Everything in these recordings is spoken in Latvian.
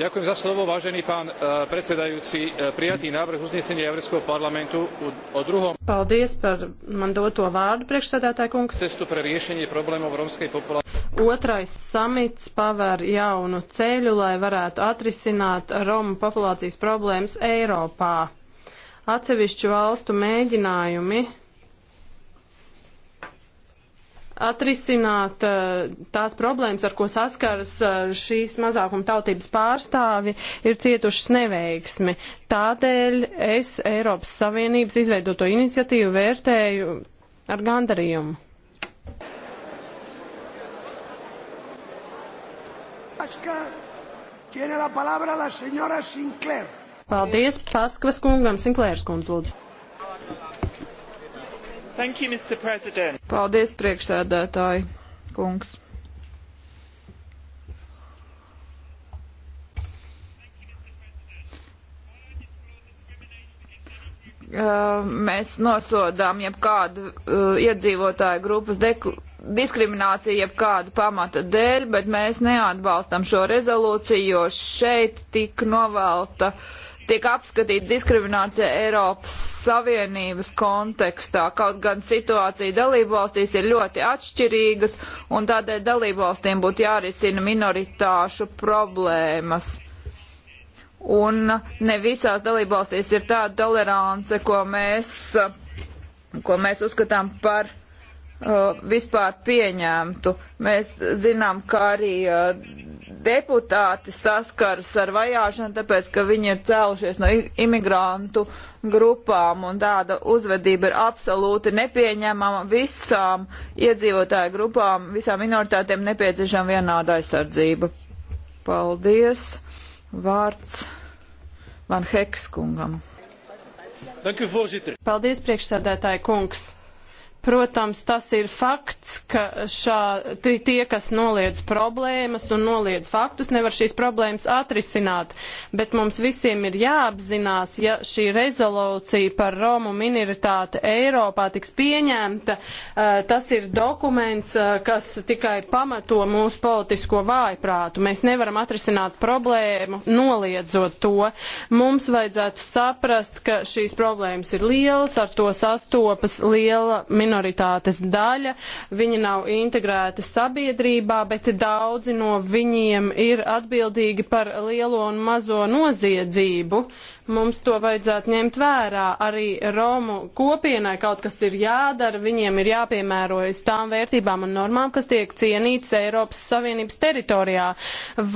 Eh, eh, prijatý návrh uznesenia Európskeho parlamentu o druhom Paldies par man doto vārdu, priekšsēdētāj kungs. Cestu pre riešenie problémov romskej populācijas. Otrais samits paver jaunu ceļu, lai varētu atrisināt Romu populācijas problēmas Eiropā. Atsevišķu valstu mēģinājumi atrisināt eh, tās problēmas, ar ko saskaras eh, šīs mazākuma tautības pārstāvi, ir cietušas neveiksmi. Tādēļ es Eiropas Savienības izveidoto iniciatīvu vērtēju ar gandarījumu. Paldies Paskvas kungam, Sinklērs kundz lūdzu. Thank you, Mr. President. Paldies, priekšsēdētāji, kungs. mēs nosodām jebkādu uh, iedzīvotāju grupas diskrimināciju jebkādu pamata dēļ, bet mēs neatbalstam šo rezolūciju, jo šeit tik novelta tiek apskatīta diskriminācija Eiropas Savienības kontekstā, kaut gan situācija dalību valstīs ir ļoti atšķirīgas, un tādēļ dalību valstīm būtu jārisina minoritāšu problēmas. Un ne visās dalību valstīs ir tāda tolerance, ko mēs, ko mēs uzskatām par Uh, vispār pieņemtu. Mēs zinām, ka arī uh, deputāti saskaras ar vajāšanu, tāpēc, ka viņi ir cēlušies no imigrantu grupām, un tāda uzvedība ir absolūti nepieņemama visām iedzīvotāju grupām, visām minoritātēm nepieciešama vienāda aizsardzība. Paldies! Vārds Van Hekskungam. Paldies, priekšsēdētāji kungs! Protams, tas ir fakts, ka šā, tie, kas noliedz problēmas un noliedz faktus, nevar šīs problēmas atrisināt, bet mums visiem ir jāapzinās, ja šī rezolūcija par Romu minoritāti Eiropā tiks pieņemta, eh, tas ir dokuments, eh, kas tikai pamato mūsu politisko vājprātu. Mēs nevaram atrisināt problēmu, noliedzot to. Mums vajadzētu saprast, ka šīs problēmas ir lielas, ar to sastopas liela minoritāte minoritātes daļa, viņi nav integrēti sabiedrībā, bet daudzi no viņiem ir atbildīgi par lielo un mazo noziedzību. Mums to vajadzētu ņemt vērā. Arī Romu kopienai kaut kas ir jādara, viņiem ir jāpiemērojas tām vērtībām un normām, kas tiek cienītas Eiropas Savienības teritorijā.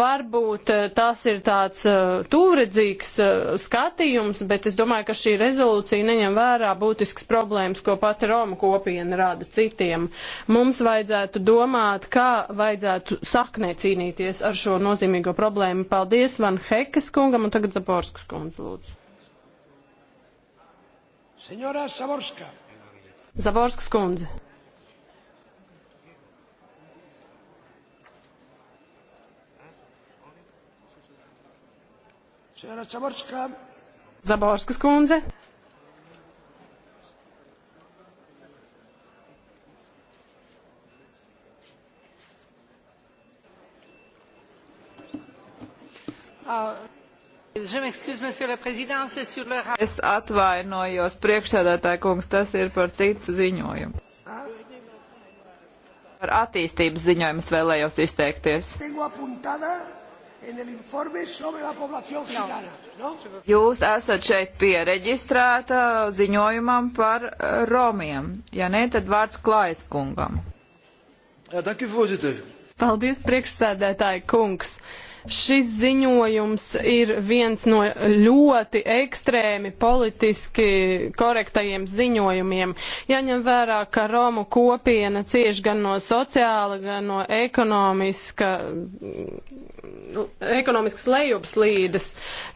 Varbūt eh, tas ir tāds eh, tūredzīgs eh, skatījums, bet es domāju, ka šī rezolūcija neņem vērā būtisks problēmas, ko pati Roma kopiena rada citiem. Mums vajadzētu domāt, kā vajadzētu saknē cīnīties ar šo nozīmīgo problēmu. Paldies Van Hekas kungam un tagad Zaborskas kundze lūdzu. Senora Saborska. Zaborskas kundze. Senora Saborska. Zaborskas kundze. Uh, Es atvainojos, priekšsēdētāja kungs, tas ir par citu ziņojumu. Par attīstības ziņojumu es vēlējos izteikties. Jūs esat šeit piereģistrēta ziņojumam par eh, romiem. Ja nē, tad vārds klājas kungam. Paldies, priekšsēdētāja kungs. Uh, Šis ziņojums ir viens no ļoti ekstrēmi politiski korektajiem ziņojumiem. Jaņem vērā, ka Romu kopiena cieši gan no sociāla, gan no ekonomiska ekonomiskas lejupslīdes.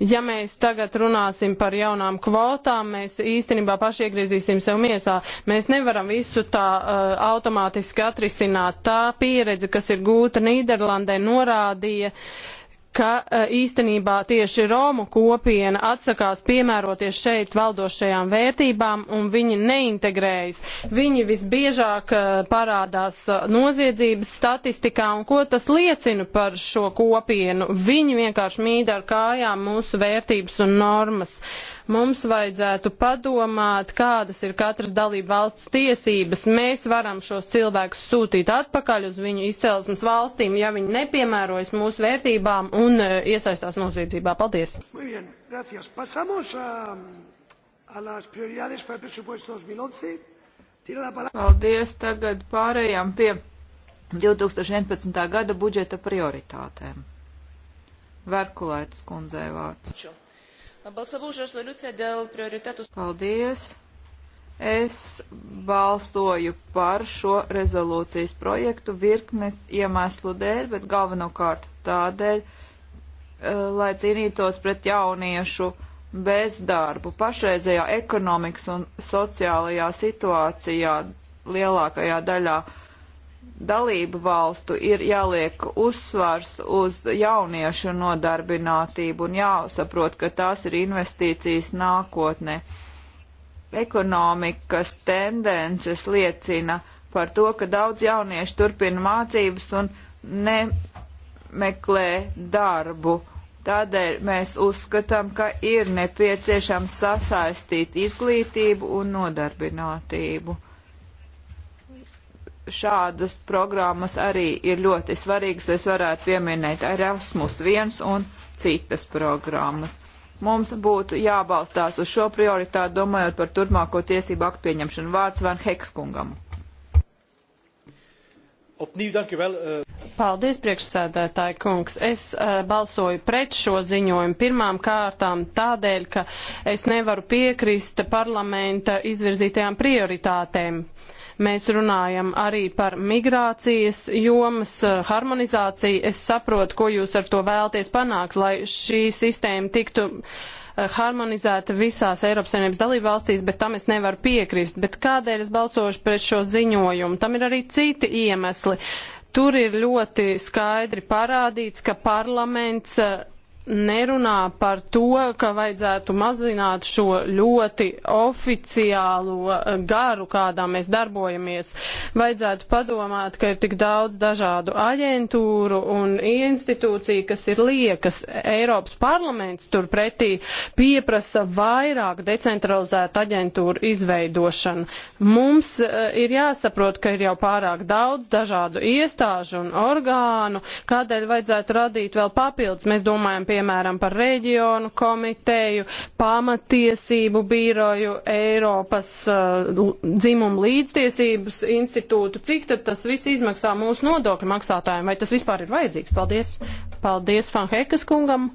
Ja mēs tagad runāsim par jaunām kvotām, mēs īstenībā paši iegriezīsim sev miesā. Mēs nevaram visu tā uh, automātiski atrisināt. Tā pieredze, kas ir gūta Nīderlandē, norādīja, uh, ka e, īstenībā tieši Romu kopiena atsakās piemēroties šeit valdošajām vērtībām un viņi neintegrējas. Viņi visbiežāk e, parādās e, noziedzības statistikā un ko tas liecina par šo kopienu. Viņi vienkārši mīd ar kājām mūsu vērtības un normas. Uh, Mums vajadzētu padomāt, kādas ir katras dalība valsts tiesības. Mēs varam šos cilvēkus sūtīt atpakaļ uz viņu izcelsmes valstīm, ja viņi nepiemērojas mūsu vērtībām un e, iesaistās noziedzībā. Paldies! Paldies! Tagad pārējām pie 2011. gada budžeta prioritātēm. Verkulētas kundzei vārds. Čau. Balsavau už rezoliuciją dėl prioritetų. Paldies. Es balsoju par šo rezolūcijas projektu virknes iemeslu dēļ, bet galvenokārt tādēļ, eh, lai cīnītos pret jauniešu bezdarbu. Pašreizējā ekonomikas un sociālajā situācijā lielākajā daļā dalību valstu ir jāliek uzsvars uz jauniešu nodarbinātību un jāsaprot, ka tās ir investīcijas nākotnē. Ekonomikas tendences liecina par to, ka daudz jauniešu turpina mācības un nemeklē darbu. Tādēļ mēs uzskatām, ka ir nepieciešams sasaistīt izglītību un nodarbinātību šādas programmas arī ir ļoti svarīgas. Es varētu pieminēt Erasmus 1 un citas programmas. Mums būtu jābalstās uz šo prioritāti, domājot par turpmāko tiesību aktu pieņemšanu. Vārds Van Hekskungam. Opnīv, vēl, uh... Paldies, priekšsēdētāji kungs. Es uh, balsoju pret šo ziņojumu pirmām kārtām tādēļ, ka es nevaru piekrist parlamenta izvirzītajām prioritātēm. Uh, Mēs runājam arī par migrācijas jomas eh, harmonizāciju. Es saprotu, ko jūs ar to vēlties panākt, lai šī sistēma tiktu eh, harmonizēta visās Eiropas Savienības dalībvalstīs, bet tam es nevaru piekrist. Bet kādēļ es balsošu pret šo ziņojumu? Tam ir arī citi iemesli. Tur ir ļoti skaidri parādīts, ka parlaments eh, nerunā par to, ka vajadzētu mazināt šo ļoti oficiālo eh, garu, kādā mēs darbojamies. Vajadzētu padomāt, ka ir tik daudz dažādu aģentūru un institūciju, kas ir liekas. Eiropas parlaments turpretī pieprasa vairāk decentralizētu aģentūru izveidošanu. Mums eh, ir jāsaprot, ka ir jau pārāk daudz dažādu iestāžu un orgānu, kādēļ vajadzētu radīt vēl papildus. Mēs domājam, pie piemēram, par reģionu komiteju, pamatiesību biroju, Eiropas uh, dzimumu līdztiesības institūtu. Cik tad tas viss izmaksā mūsu nodokļu maksātājiem? Vai tas vispār ir vajadzīgs? Paldies, paldies Fanhekas kungam.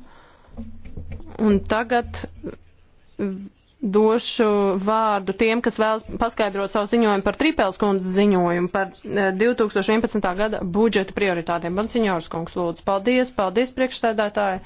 Un tagad uh, došu vārdu tiem, kas vēlas paskaidrot savu ziņojumu par Trīpēls kundzes ziņojumu par 2011. Uh, gada budžeta prioritātiem. Bansiņors kungs, lūdzu, paldies, paldies priekšsēdētāji.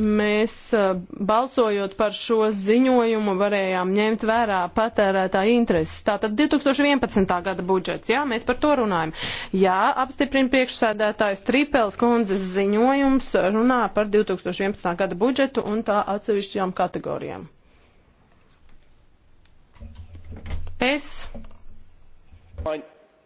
mēs eh, balsojot par šo ziņojumu varējām ņemt vērā patērētāju intereses. Tātad 2011. gada budžets, jā, mēs par to runājam. Jā, apstiprina priekšsēdētājs Tripels kundzes ziņojums runā par 2011. gada budžetu un tā atsevišķajām kategorijām. Es. My,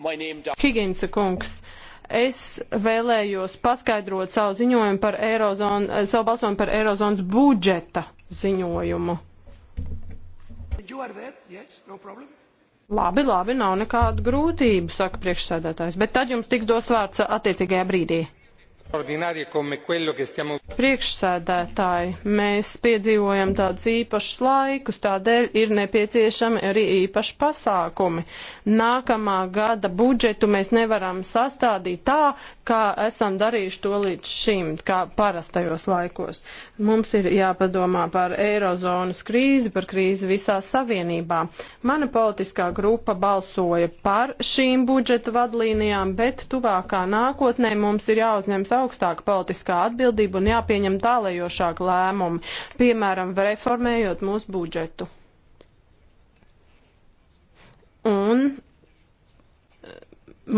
my Higinsa kungs. Uh, es vēlējos paskaidrot savu ziņojumu par Eirozonu, savu balsojumu par Eirozonas budžeta ziņojumu. There, yes, no problem. labi, labi, nav nekādu grūtību, saka priekšsēdētājs, bet tad jums tiks dos vārds attiecīgajā brīdī. Priekšsēdētāji, mēs piedzīvojam tādus īpašus laikus, tādēļ ir nepieciešami arī īpaši pasākumi. Nākamā gada budžetu mēs nevaram sastādīt tā, kā esam darījuši to līdz šim, kā parastajos laikos. Mums ir jāpadomā par eirozonas krīzi, par krīzi visā savienībā. Mana politiskā grupa balsoja par šīm budžeta vadlīnijām, bet tuvākā nākotnē mums ir jāuzņems augstāka politiskā atbildība un jāpieņem tālējošāk lēmumi, piemēram, reformējot mūsu budžetu. Un eh,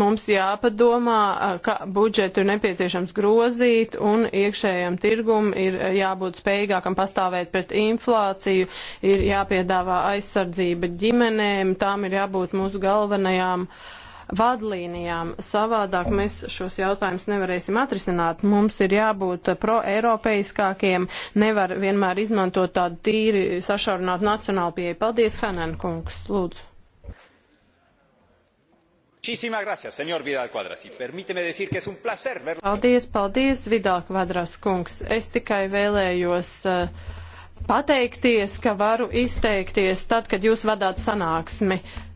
mums jāpadomā, eh, ka budžetu ir nepieciešams grozīt un iekšējam tirgum ir eh, jābūt spējīgākam pastāvēt pret inflāciju, ir jāpiedāvā aizsardzība ģimenēm, tām ir jābūt mūsu galvenajām uh, vadlīnijām. Savādāk mēs šos jautājumus nevarēsim atrisināt. Mums ir jābūt pro-eiropeiskākiem, nevar vienmēr izmantot tādu tīri sašaurināt nacionālu pieeju. Paldies, Hanan kungs, lūdzu. Paldies, paldies, Vidal Kvadras kungs. Es tikai vēlējos uh, pateikties, ka varu izteikties tad, kad jūs vadāt sanāksmi. Uh,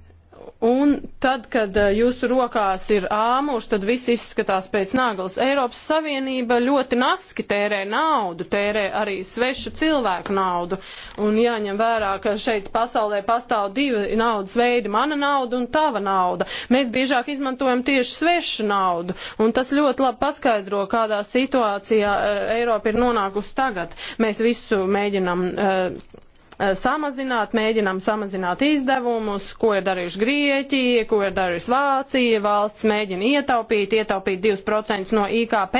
Un tad, kad eh, jūsu rokās ir āmurs, tad viss izskatās pēc naglas. Eiropas Savienība ļoti naski tērē naudu, tērē arī svešu cilvēku naudu. Un jāņem vērā, ka šeit pasaulē pastāv divi naudas veidi - mana nauda un tava nauda. Mēs biežāk izmantojam tieši svešu naudu. Un tas ļoti labi paskaidro, kādā situācijā eh, Eiropa ir nonākusi tagad. Mēs visu mēģinam. Uh, Eh, samazināt, mēģinām samazināt izdevumus, ko ir darījuši Grieķija, ko ir darījusi Vācija, valsts mēģina ietaupīt, ietaupīt 2% no IKP,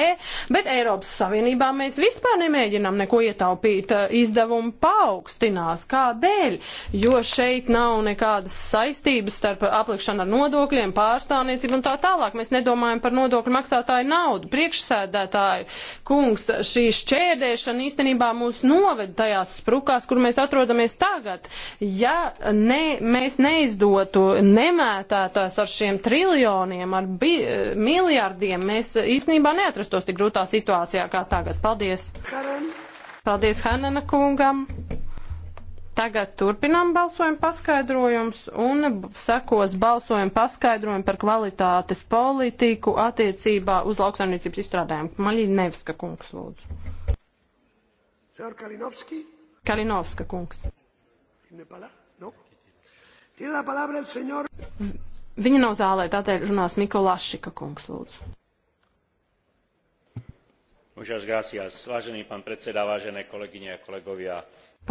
bet Eiropas Savienībā mēs vispār nemēģinām neko ietaupīt, eh, izdevumi paaugstinās. Kādēļ? Jo šeit nav nekādas saistības starp aplikšanu ar nodokļiem, pārstāvniecību un tā tālāk. Mēs nedomājam par nodokļu maksātāju naudu. Priekšsēdētāju kungs, šī šķērdēšana īstenībā mūs noved tajās sprukās, kur mēs atrodamies atrodamies tagad. Ja ne, mēs neizdotu nemētētājs ar šiem triljoniem, ar bi, miljardiem, mēs īstenībā neatrastos tik grūtā situācijā kā tagad. Paldies! Karan. Paldies Hanana kungam! Tagad turpinām balsojumu paskaidrojums un sekos balsojumu paskaidrojumu par kvalitātes politiku attiecībā uz lauksaimniecības izstrādājumu. Maļī Nevska kungs lūdzu. Sēr Kalinovski. Kalinovska kungs. Viņa nav zālē, tādēļ runās Mikolašika kungs, lūdzu. Mužas gāsijās, vážený pán predsedā, vážené kolegyne a kolegovia.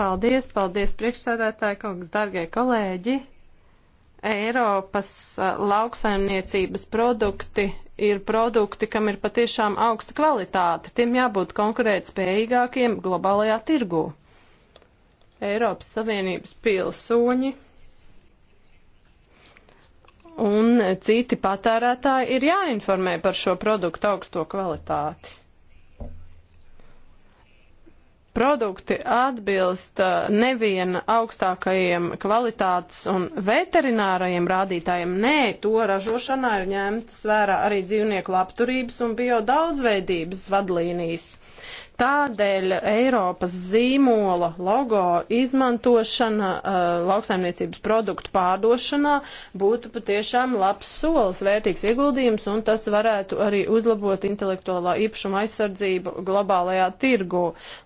Paldies, paldies priekšsēdētāji kungs, dargie kolēģi. Eiropas lauksaimniecības produkti ir produkti, kam ir patiešām augsta kvalitāte. Tiem jābūt konkurētspējīgākiem globālajā tirgū. Eiropas Savienības pilsoņi un citi patērētāji ir jāinformē par šo produktu augsto kvalitāti. Produkti atbilst uh, neviena augstākajiem kvalitātes un veterinārajiem rādītājiem. Nē, to ražošanā ir ņemtas vērā arī dzīvnieku labturības un bio daudzveidības vadlīnijas. Tādēļ Eiropas zīmola logo izmantošana uh, lauksaimniecības produktu pārdošanā būtu patiešām labs solis, vērtīgs ieguldījums, un tas varētu arī uzlabot intelektuālā īpašuma aizsardzību globālajā tirgu.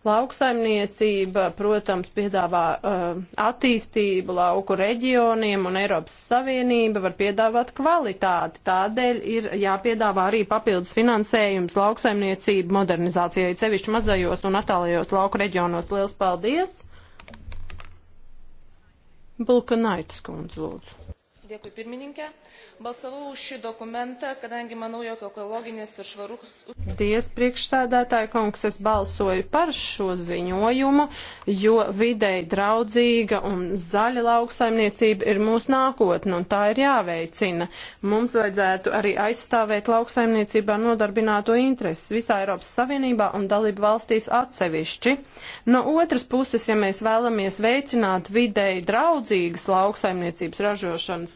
Lauksaimniecība, protams, piedāvā uh, attīstību lauku reģioniem, un Eiropas Savienība var piedāvāt kvalitāti. Tādēļ ir jāpiedāvā arī papildus finansējums lauksaimniecību modernizācijai, sevišķi mazā mazajos un attālajos lauku reģionos. Liels paldies! Bulka Naitis kundze, lūdzu. Dėkui pirmininkė. Balsavau už šį dokumentą, kadangi manau, jog ekologinis ir švarus. Dies priekšsēdētāji kungs, es balsoju par šo ziņojumu, jo videi draudzīga un zaļa lauksaimniecība ir mūsu nākotne un tā ir jāveicina. Mums vajadzētu arī aizstāvēt lauksaimniecībā nodarbināto intereses visā Eiropas Savienībā un dalību valstīs atsevišķi. No otras puses, ja mēs vēlamies veicināt videi draudzīgas lauksaimniecības ražošanas,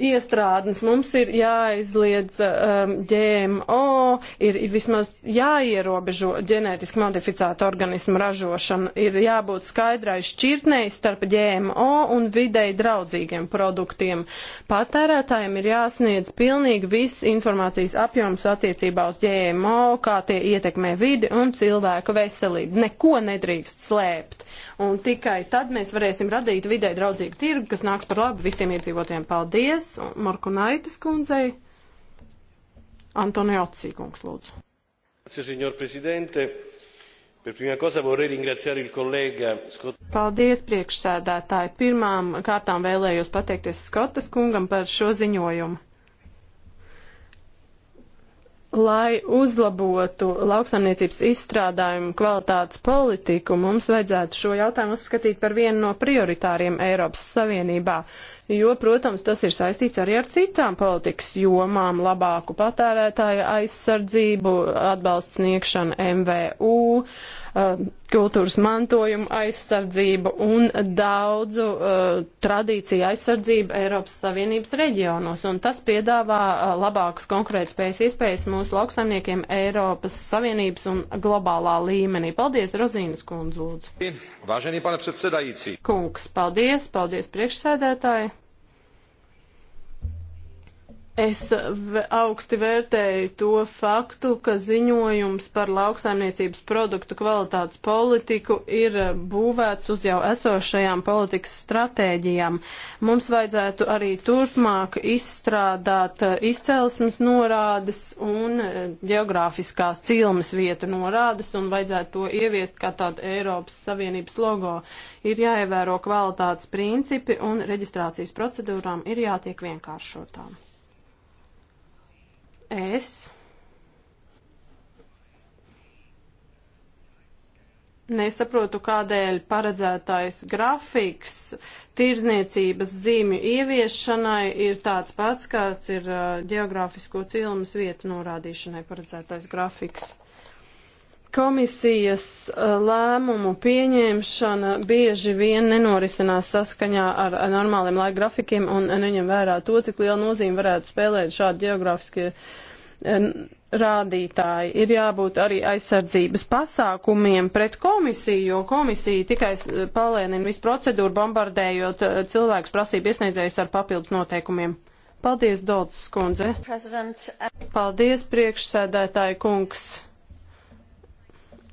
iestrādnes. Mums ir jāizliedz um, GMO, ir vismaz jāierobežo ģenētiski modificētu organismu ražošana, ir jābūt skaidrai šķirtnei starp GMO un videi draudzīgiem produktiem. Patērētājiem ir jāsniedz pilnīgi viss informācijas apjoms attiecībā uz GMO, kā tie ietekmē vidi un cilvēku veselību. Neko nedrīkst slēpt. Un tikai tad mēs varēsim radīt videi draudzīgu tirgu, kas nāks par labu visiem iedzīvotiem. Paldies! Paldies Marku Naitis kundzei. Antonio Cīkungs, lūdzu. Paldies priekšsēdētāji. Pirmām kārtām vēlējos pateikties Skotas kungam par šo ziņojumu lai uzlabotu lauksaimniecības izstrādājumu kvalitātes politiku, mums vajadzētu šo jautājumu uzskatīt par vienu no prioritāriem Eiropas Savienībā, jo, protams, tas ir saistīts arī ar citām politikas jomām - labāku patērētāju aizsardzību, atbalsts sniegšanu MVU, uh, Um, kultūras mantojumu aizsardzību un daudzu uh, tradīciju aizsardzību Eiropas Savienības reģionos. Un tas piedāvā uh, labākas konkurētspējas iespējas mūsu lauksaimniekiem Eiropas Savienības un globālā līmenī. Paldies, Rozīnas kundz, lūdzu. Vāženī, pane predsedājīcī. Kungs, paldies, paldies priekšsēdētāji. Es augsti vērtēju to faktu, ka ziņojums par lauksaimniecības produktu kvalitātes politiku ir būvēts uz jau esošajām politikas stratēģijām. Mums vajadzētu arī turpmāk izstrādāt eh, izcelsmes norādes un eh, geogrāfiskās cilmes vietu norādes un vajadzētu to ieviest kā tādu Eiropas Savienības logo. Ir jāievēro kvalitātes principi un reģistrācijas procedūrām ir jātiek vienkāršotām es nesaprotu, kādēļ paredzētais grafiks tirdzniecības zīmju ieviešanai ir tāds pats, kāds ir uh, geogrāfisko cilmes vietu norādīšanai paredzētais grafiks. Komisijas uh, lēmumu pieņemšana bieži vien nenorisinās saskaņā ar normāliem laika grafikiem un neņem vērā to, cik lielu nozīmi varētu spēlēt šādi geogrāfiskie uh, rādītāji. Ir jābūt arī aizsardzības pasākumiem pret komisiju, jo komisija tikai palēnina visu procedūru, bombardējot e, cilvēkus prasību iesniedzējus ar papildus noteikumiem. Paldies, Dodas kundze. Uh, Paldies, priekšsēdētāji kungs.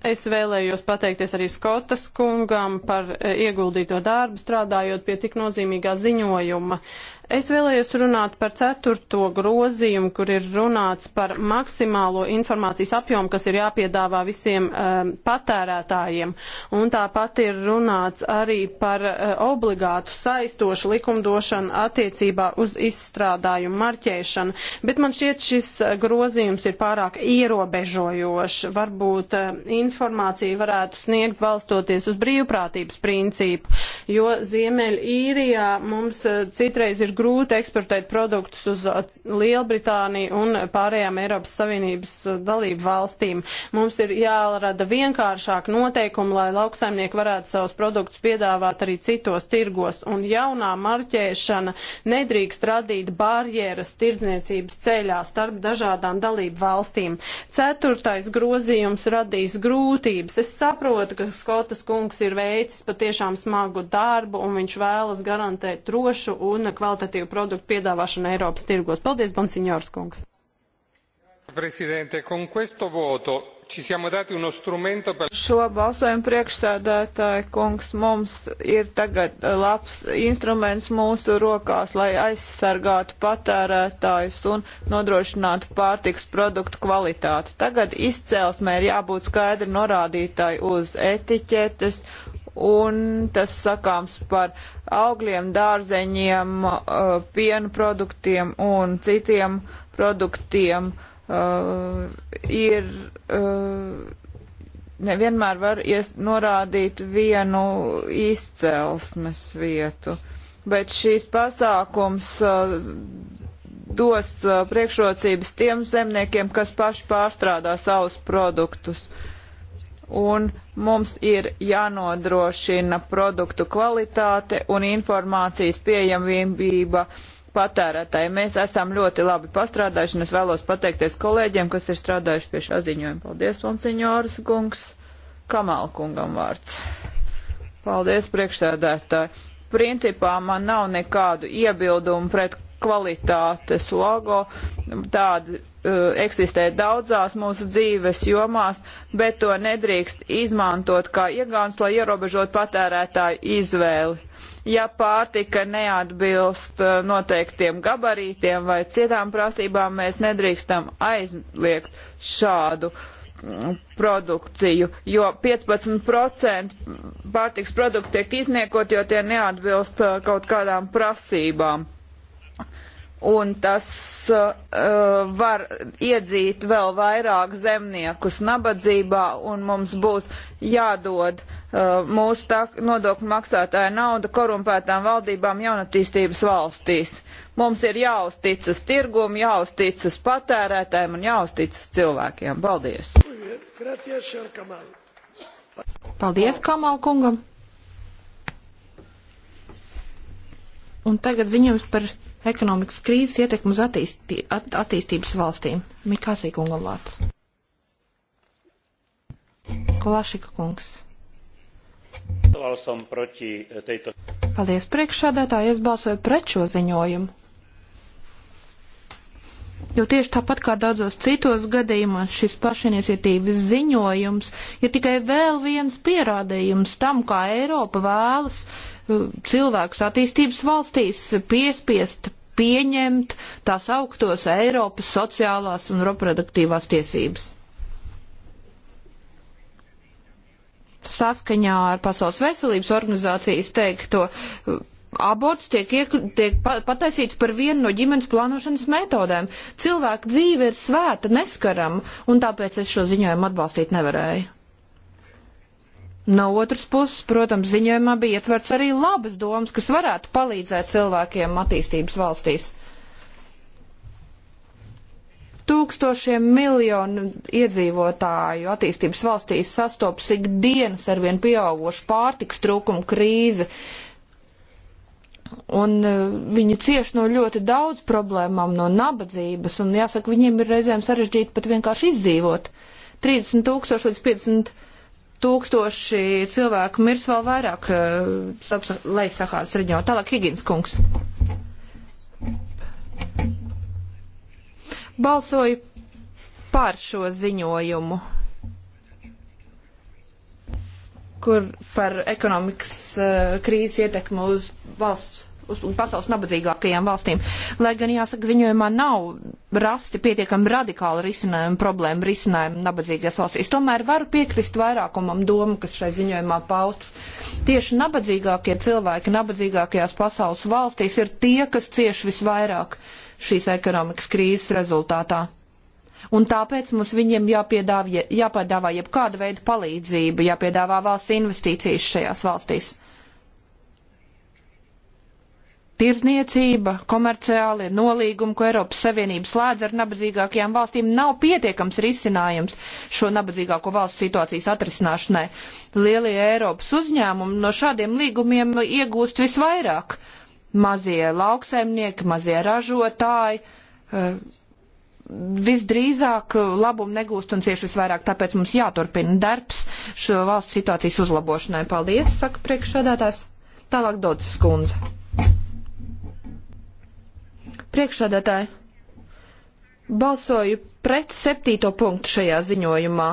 Es vēlējos pateikties arī Skotas kungam par e, ieguldīto darbu, strādājot pie tik nozīmīgā ziņojuma. Uh, Es vēlējos runāt par ceturto grozījumu, kur ir runāts par maksimālo informācijas apjomu, kas ir jāpiedāvā visiem um, patērētājiem. Un tāpat ir runāts arī par uh, obligātu saistošu likumdošanu attiecībā uz izstrādājumu marķēšanu. Bet man šķiet, šis uh, grozījums ir pārāk ierobežojošs. Varbūt uh, informācija varētu sniegt balstoties uz brīvprātības principu, jo Ziemeļīrijā mums uh, citreiz ir grozījums grūti eksportēt produktus uz uh, Lielbritāniju un pārējām Eiropas Savienības uh, dalību valstīm. Mums ir jārada vienkāršāk noteikumi, lai lauksaimnieki varētu savus produktus piedāvāt arī citos tirgos. Un jaunā marķēšana nedrīkst radīt barjeras tirdzniecības ceļā starp dažādām dalību valstīm. Ceturtais grozījums radīs grūtības. Es saprotu, ka Skotas kungs ir veicis patiešām smagu darbu un viņš vēlas garantēt drošu un kvalitatīvu alternatīvu produktu piedāvāšanu Eiropas tirgos. Paldies, Bonsignors kungs! Presidente, con questo voto ci siamo dati uno strumento per. Šo balsojumu priekšsēdētāji kungs mums ir tagad labs instruments mūsu rokās, lai aizsargātu patērētājus un nodrošinātu pārtiks produktu kvalitāti. Tagad izcelsmē ir jābūt skaidri norādītāji uz etiķetes un tas sakāms par augļiem, dārzeņiem, uh, piena produktiem un citiem produktiem uh, ir uh, nevienmēr var norādīt vienu izcelsmes vietu, bet šīs pasākums dos priekšrocības tiem zemniekiem, kas paši pārstrādā savus produktus. Uh, un mums ir jānodrošina produktu kvalitāte un informācijas pieejamība patērētāji. Mēs esam ļoti labi pastrādājuši, un es vēlos pateikties kolēģiem, kas ir strādājuši pie šā ziņojuma. Paldies, Monsignoras kungs, Kamalkungam vārds. Paldies, priekšsēdētāji. Principā man nav nekādu iebildumu pret kvalitātes logo. Tāda uh, eksistē daudzās mūsu dzīves jomās, bet to nedrīkst izmantot kā iegāns, lai ierobežot patērētāju izvēli. Ja pārtika neatbilst uh, noteiktiem gabarītiem vai citām prasībām, mēs nedrīkstam aizliegt šādu mm, produkciju, jo 15% pārtiks produktu tiek izniekot, jo tie neatbilst uh, kaut kādām prasībām un tas uh, var iedzīt vēl vairāk zemniekus nabadzībā, un mums būs jādod uh, mūsu tā, nodokļu maksātāja nauda korumpētām valdībām jaunatīstības valstīs. Mums ir jāuzticas tirgumu, jāuzticas patērētājiem un jāuzticas cilvēkiem. Paldies! Paldies, Kamal kungam! Un tagad ziņojums par ekonomikas krīzes ietekmu uz attīstī, at, attīstības valstīm. Mikāsī kungam vārds. Kolašika kungs. E, Paldies priekšsādātāji, es balsoju pret šo ziņojumu. Jo tieši tāpat kā daudzos citos gadījumos, šis pašiniciatīvas ziņojums ir tikai vēl viens pierādījums tam, kā Eiropa vēlas uh, cilvēkus attīstības valstīs piespiest pieņemt tās augtos Eiropas sociālās un reproduktīvās tiesības. Saskaņā ar Pasaules veselības organizācijas teikto, aborts tiek, iek, tiek pataisīts par vienu no ģimenes plānošanas metodēm. Cilvēka dzīve ir svēta, neskarama, un tāpēc es šo ziņojumu atbalstīt nevarēju. No otras puses, protams, ziņojumā bija ietverts arī labas domas, kas varētu palīdzēt cilvēkiem attīstības valstīs. Tūkstošiem miljonu iedzīvotāju attīstības valstīs sastopas ik dienas ar vien pieaugošu pārtiks trūkumu krīzi, un e, viņi cieš no ļoti daudz problēmām, no nabadzības, un jāsaka, viņiem ir reizēm sarežģīti pat vienkārši izdzīvot. 30 tūkstoši līdz 50 tūkstoši tūkstoši cilvēku mirs vēl vairāk, uh, eh, lai Sahāras reģionā. Tālāk Higins kungs. Balsoju par šo ziņojumu, kur par ekonomikas uh, krīzes ietekmu uz valsts uz pasaules nabadzīgākajām valstīm. Lai gan, jāsaka, ziņojumā nav rasti pietiekami radikāli risinājumi problēmu risinājumu nabadzīgajās valstīs. Tomēr varu piekrist vairākumam domu, kas šai ziņojumā paustas. Tieši nabadzīgākie cilvēki nabadzīgākajās pasaules valstīs ir tie, kas cieš visvairāk šīs ekonomikas krīzes rezultātā. Un tāpēc mums viņiem jāpiedāvā, jāpiedāvā jebkāda veida palīdzība, jāpiedāvā valsts investīcijas šajās valstīs tirzniecība, komerciālie nolīgumi, ko Eiropas Savienība slēdz ar nabadzīgākajām valstīm, nav pietiekams risinājums šo nabadzīgāko valstu situācijas atrisināšanai. Lielie Eiropas uzņēmumi no šādiem līgumiem iegūst visvairāk. Mazie lauksaimnieki, mazie ražotāji. Eh, visdrīzāk labumu negūst un cieši visvairāk, tāpēc mums jāturpina darbs šo valstu situācijas uzlabošanai. Paldies, saka priekšsādātājs. Tālāk Dodas kundze. Priekšsādātāji, balsoju pret septīto punktu šajā ziņojumā,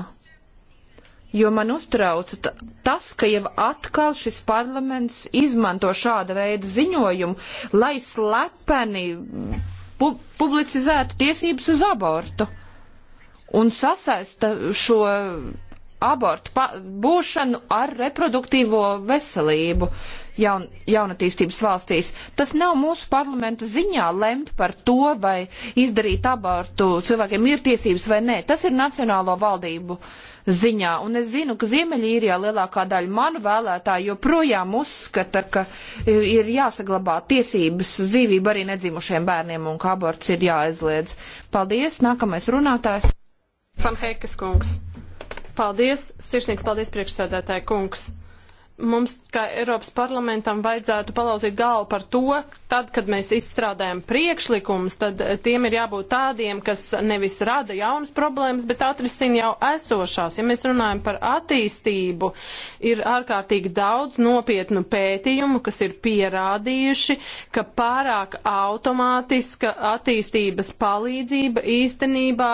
jo man uztrauca tas, ka jau atkal šis parlaments izmanto šāda veida ziņojumu, lai slepeni pu publicizētu tiesības uz abortu un sasaista šo abortu būšanu ar reproduktīvo veselību jaun, jaunatīstības valstīs. Tas nav mūsu parlamenta ziņā lemt par to, vai izdarīt abortu cilvēkiem ir tiesības vai nē. Tas ir nacionālo valdību ziņā. Un es zinu, ka Ziemeļīrijā lielākā daļa manu vēlētāju joprojām uzskata, ka ir jāsaglabā tiesības uz dzīvību arī nedzimušiem bērniem un ka aborts ir jāaizliedz. Paldies, nākamais runātājs. Fanheikas kungs. Paldies, sirsnīgs paldies priekšsēdētāji kungs mums, kā Eiropas parlamentam, vajadzētu palauzīt galvu par to, tad, kad mēs izstrādājam priekšlikumus, tad eh, tiem ir jābūt tādiem, kas nevis rada jaunas problēmas, bet atrisina jau esošās. Ja mēs runājam par attīstību, ir ārkārtīgi daudz nopietnu pētījumu, kas ir pierādījuši, ka pārāk automātiska attīstības palīdzība īstenībā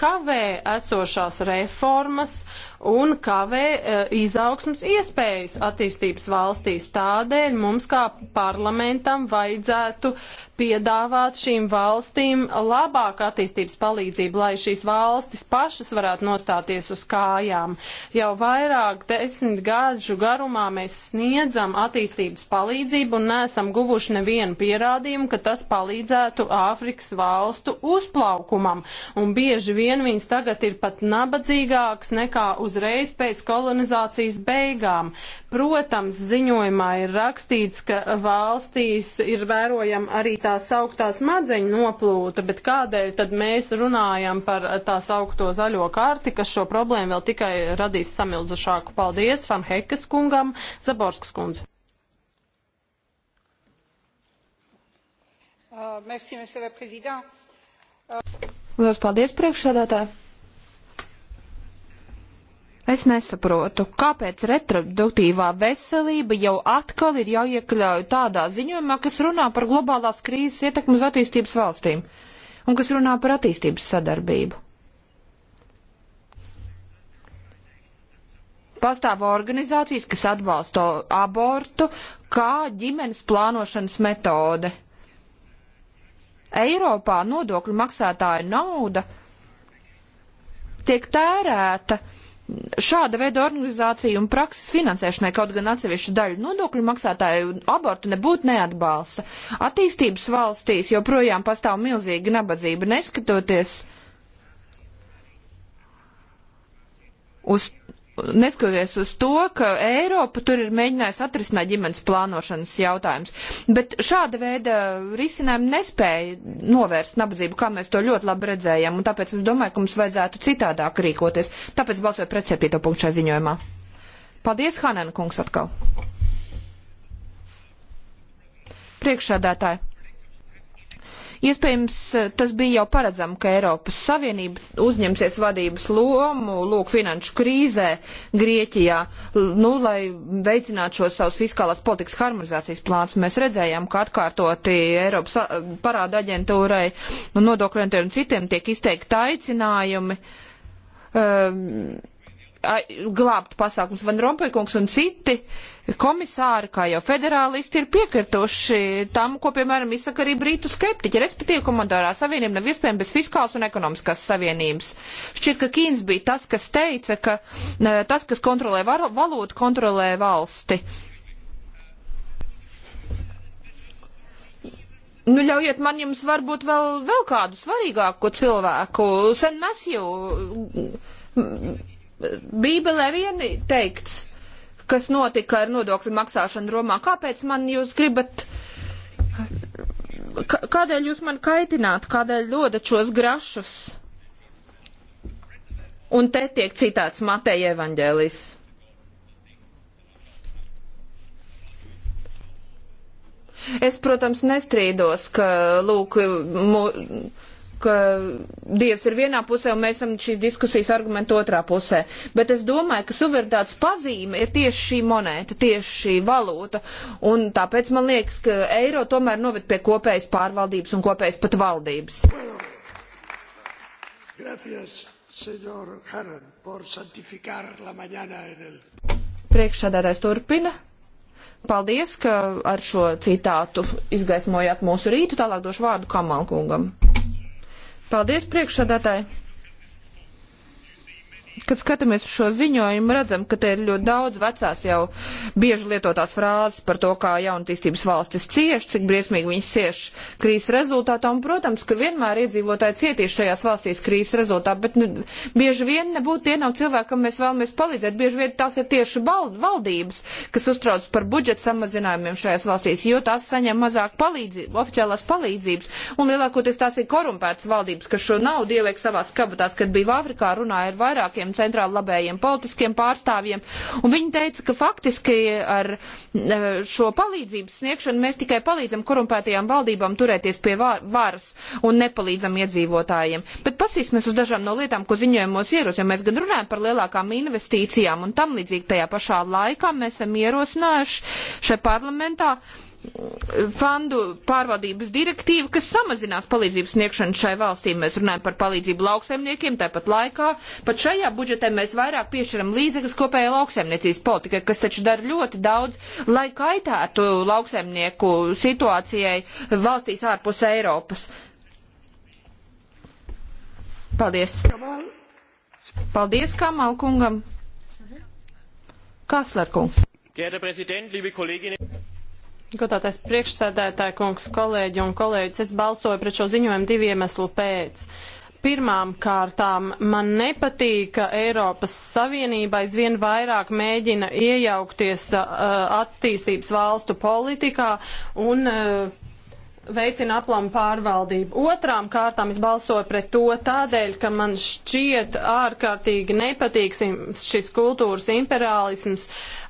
kavē esošās reformas un kavē e, izaugsmas iespējas attīstības valstīs. Tādēļ mums kā parlamentam vajadzētu piedāvāt šīm valstīm labāku attīstības palīdzību, lai šīs valstis pašas varētu nostāties uz kājām. Jau vairāk desmit gadžu garumā mēs sniedzam attīstības palīdzību un neesam guvuši nevienu pierādījumu, ka tas palīdzētu Āfrikas valstu uzplaukumam. Un bieži vien viņas tagad ir pat nabadzīgākas nekā uzreiz pēc kolonizācijas beigām. Protams, ziņojumā ir rakstīts, ka valstīs ir vērojama arī tā sauktā smadzeņu noplūta, bet kādēļ tad mēs runājam par tā saukto zaļo karti, kas šo problēmu vēl tikai radīs samilzušāku. Paldies Fan Hekas kungam, Zaborskas kundze. Uh, merci, uh, Lielas paldies priekšsēdētāji! Es nesaprotu, kāpēc reproduktīvā veselība jau atkal ir jāiekļauj tādā ziņojumā, kas runā par globālās krīzes ietekmu uz attīstības valstīm un kas runā par attīstības sadarbību. Pastāv organizācijas, kas atbalsta abortu kā ģimenes plānošanas metode. Eiropā nodokļu maksātāja nauda tiek tērēta uh, šāda veida organizāciju un prakses finansēšanai, kaut gan atsevišķa daļa nodokļu maksātāju abortu nebūtu neatbalsta. Attīstības valstīs joprojām pastāv milzīga nabadzība, neskatoties uz neskatoties uz to, ka Eiropa tur ir mēģinājusi atrisināt ģimenes plānošanas jautājumus. Bet šāda veida risinājumi nespēja novērst nabadzību, kā mēs to ļoti labi redzējām, un tāpēc es domāju, ka mums vajadzētu citādāk rīkoties. Tāpēc balsoju pret 7. punktu šajā ziņojumā. Paldies, Hanena kungs, atkal. Priekšsēdētāji. Iespējams, eh, tas bija jau paredzam, ka Eiropas Savienība uzņemsies vadības lomu, lūk, finanšu krīzē Grieķijā, nu, lai veicinātu šos savus fiskālās politikas harmonizācijas plāns. Mēs redzējām, ka atkārtoti Eiropas eh, parāda aģentūrai un nodokļu un citiem tiek izteikti aicinājumi. Um, glābtu pasākums. Van Rompēkungs un citi komisāri, kā jau federālisti, ir piekrituši tam, ko, piemēram, izsaka arī brītu skeptiķi, respektīvi, ka monetārā savienība nav iespējama bez fiskālas un ekonomiskās savienības. Šķiet, ka Kīns bija tas, kas teica, ka ne, tas, kas kontrolē valūtu, kontrolē valsti. Nu, ļaujiet man jums varbūt vēl, vēl kādu svarīgāku cilvēku. Sen Masju Bībelē vieni teikts, kas notika ar nodokļu maksāšanu Romā. Kāpēc man jūs gribat, kādēļ jūs man kaitināt, kādēļ dodat šos grašus? Un te tiek citāts Mateja evaņģēlis. Es, protams, nestrīdos, ka, lūk, mu, ka Dievs ir vienā pusē un mēs esam šīs diskusijas argumentu otrā pusē. Bet es domāju, ka suverenitātes pazīme ir tieši šī monēta, tieši šī valūta. Un tāpēc man liekas, ka eiro tomēr noved pie kopējas pārvaldības un kopējas pat valdības. Gracias, señor Haran, por santificar la mañana en el. Priekšsādātājs turpina. Paldies, ka ar šo citātu izgaismojāt mūsu rītu. Tālāk došu vārdu Kamalkungam. Paldies, priekšsādātāji! kad skatāmies uz šo ziņojumu, redzam, ka te ir ļoti daudz vecās jau bieži lietotās frāzes par to, kā jaunatīstības valstis cieš, cik briesmīgi viņas cieš krīzes rezultātā. Un, protams, ka vienmēr iedzīvotāji cietīs šajās valstīs krīzes rezultātā, bet nu, bieži vien nebūtu tie nav cilvēki, kam mēs vēlamies palīdzēt. Bieži vien tās ir tieši valdības, kas uztrauc par budžeta samazinājumiem šajās valstīs, jo tās saņem mazāk palīdzību, oficiālās palīdzības. Un lielākoties tās ir korumpētas valdības, kas šo naudu ieliek savās kabatās, kad bija Āfrikā runāja ar vairākiem vairākiem centrāla labējiem politiskiem pārstāvjiem, un viņi teica, ka faktiski ar e, šo palīdzības sniegšanu mēs tikai palīdzam korumpētajām valdībām turēties pie varas un nepalīdzam iedzīvotājiem. Bet pasīsimies uz dažām no lietām, ko ziņojumos ierosinām. Mēs gan runājam par lielākām investīcijām un tam līdzīgi tajā pašā laikā mēs esam ierosinājuši šai parlamentā fondu pārvaldības direktīva, kas samazinās palīdzības sniegšanu šai valstī. Mēs runājam par palīdzību lauksaimniekiem, tāpat laikā pat šajā budžetē mēs vairāk piešķiram līdzekļus kopējai lauksaimniecības politikai, kas taču dara ļoti daudz, lai kaitētu lauksaimnieku situācijai valstīs ārpus Eiropas. Paldies. Paldies Kamal kungam. Kasler kungs. Geehrter Präsident, liebe Kolleginnen. Godātais priekšsēdētāja kungs, kolēģi un kolēģis, es balsoju pret šo ziņojumu divu iemeslu pēc. Pirmām kārtām man nepatīk, ka Eiropas Savienība aizvien vairāk mēģina iejaukties uh, attīstības valstu politikā un uh, veicina aplamu pārvaldību. Otrām kārtām es balsoju pret to tādēļ, ka man šķiet ārkārtīgi nepatīk šis kultūras imperialisms,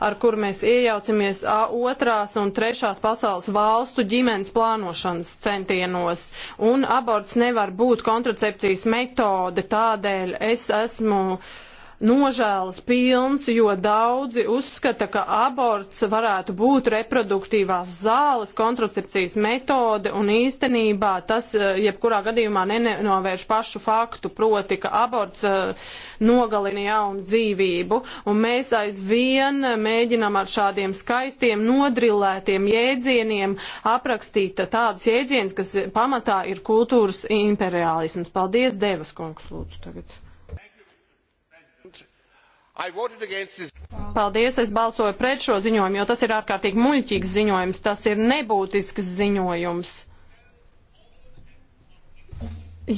ar kur mēs iejaucamies otrās un trešās pasaules valstu ģimenes plānošanas centienos. Un aborts nevar būt kontracepcijas metode, tādēļ es esmu. Uh, nožēlas pilns, jo daudzi uzskata, ka aborts varētu būt reproduktīvās zāles, kontracepcijas metode, un īstenībā tas eh, jebkurā gadījumā nenovērš pašu faktu, proti, ka aborts eh, nogalina jaunu dzīvību, un mēs aizvien mēģinām ar šādiem skaistiem, nodrillētiem jēdzieniem aprakstīt tādus jēdzienus, kas pamatā ir kultūras imperialisms. Paldies, Devas kungs, lūdzu tagad. Paldies, es balsoju pret šo ziņojumu, jo tas ir ārkārtīgi muļķīgs ziņojums, tas ir nebūtisks ziņojums.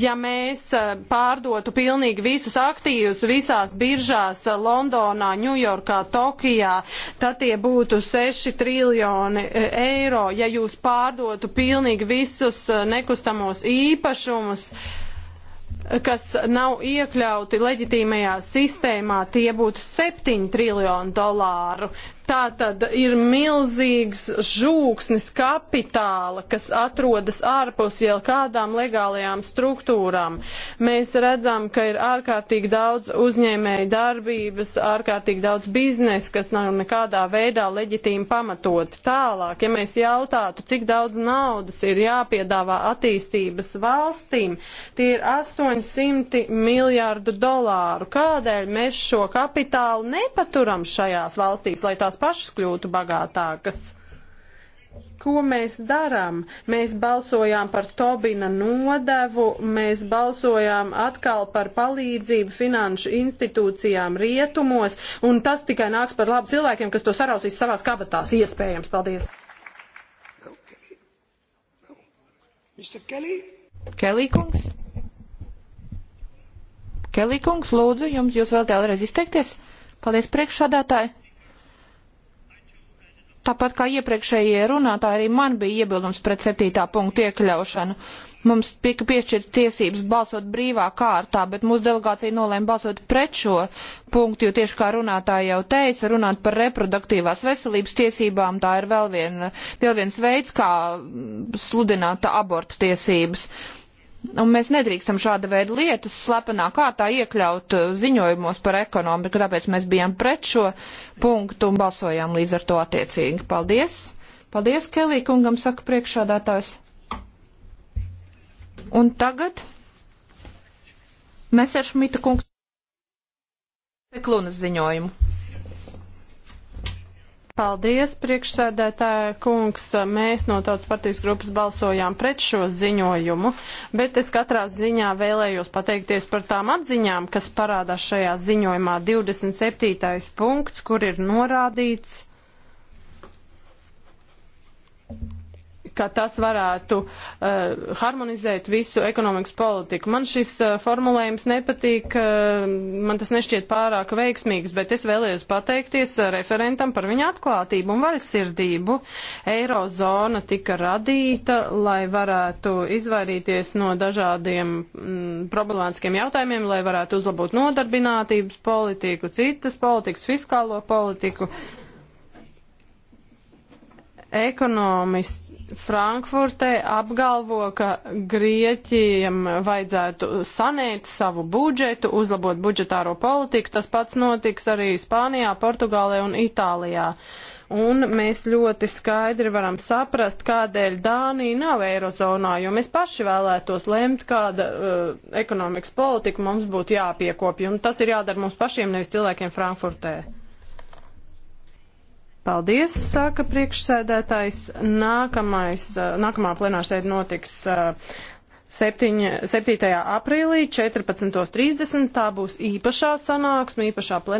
Ja mēs eh, pārdotu pilnīgi visus aktīvus visās biržās eh, Londonā, Ņujorkā, Tokijā, tad tie būtu 6 triljoni eh, eiro. Ja jūs pārdotu pilnīgi visus nekustamos īpašumus, uh, kas nav iekļauti leģitīmajā sistēmā, tie būtu 7 triljoni dolāru. Tā tad ir milzīgs žūksnis kapitāla, kas atrodas ārpus jau kādām legālajām struktūrām. Mēs redzam, ka ir ārkārtīgi daudz uzņēmēju darbības, ārkārtīgi daudz biznesa, kas nav nekādā veidā leģitīmi pamatot. Tālāk, ja mēs jautātu, cik daudz naudas ir jāpiedāvā attīstības valstīm, tie ir 800 miljārdu dolāru. Kādēļ mēs šo kapitālu nepaturam šajās valstīs, lai tās tās pašas kļūtu bagātākas. Ko mēs darām? Mēs balsojām par Tobina nodevu, mēs balsojām atkal par palīdzību finanšu institūcijām rietumos, un tas tikai nāks par labu cilvēkiem, kas to sarausīs savās kabatās iespējams. Paldies! Okay. No. Mr. Kelly? Kelly kungs? Kelly kungs, lūdzu, jums jūs vēl tālreiz izteikties? Paldies priekšsādātāji! Tāpat kā iepriekšējie runātāji, arī man bija iebildums pret septītā punktu iekļaušanu. Mums tika piešķirts tiesības balsot brīvā kārtā, bet mūsu delegācija nolēma balsot pret šo punktu, jo tieši kā runātāja jau teica, runāt par reproduktīvās veselības tiesībām, tā ir vēl, vien, vēl viens veids, kā sludināt abortu tiesības. Un mēs nedrīkstam šāda veida lietas slepenā kārtā iekļaut uh, ziņojumos par ekonomiku, tāpēc mēs bijām pret šo punktu un balsojām līdz ar to attiecīgi. Paldies! Paldies, Kelī kungam, saka priekšādātājs. Un tagad mēs ar Šmita kungs. Klunas ziņojumu. Paldies, priekšsēdētāja kungs. Mēs no tautas partijas grupas balsojām pret šo ziņojumu, bet es katrā ziņā vēlējos pateikties par tām atziņām, kas parādās šajā ziņojumā 27. punkts, kur ir norādīts ka tas varētu uh, harmonizēt visu ekonomikas politiku. Man šis uh, formulējums nepatīk, uh, man tas nešķiet pārāk veiksmīgs, bet es vēlējos pateikties referentam par viņa atklātību un vaļsirdību. Eirozona tika radīta, lai varētu izvairīties no dažādiem mm, problemātiskiem jautājumiem, lai varētu uzlabot nodarbinātības politiku, citas politikas, fiskālo politiku. Ekonomisti Frankfurtē apgalvo, ka Grieķiem vajadzētu sanēt savu budžetu, uzlabot budžetāro politiku. Tas pats notiks arī Spānijā, Portugālē un Itālijā. Un mēs ļoti skaidri varam saprast, kādēļ Dānija nav Eirozonā, jo mēs paši vēlētos lemt, kāda uh, ekonomikas politika mums būtu jāpiekopja. Un tas ir jādara mums pašiem, nevis cilvēkiem Frankfurtē. Paldies, saka priekšsēdētājs. Nākamais, nākamā plenārsēde notiks 7. 7. aprīlī 14.30. Tā būs īpašā sanāksme, īpašā plenārsēde.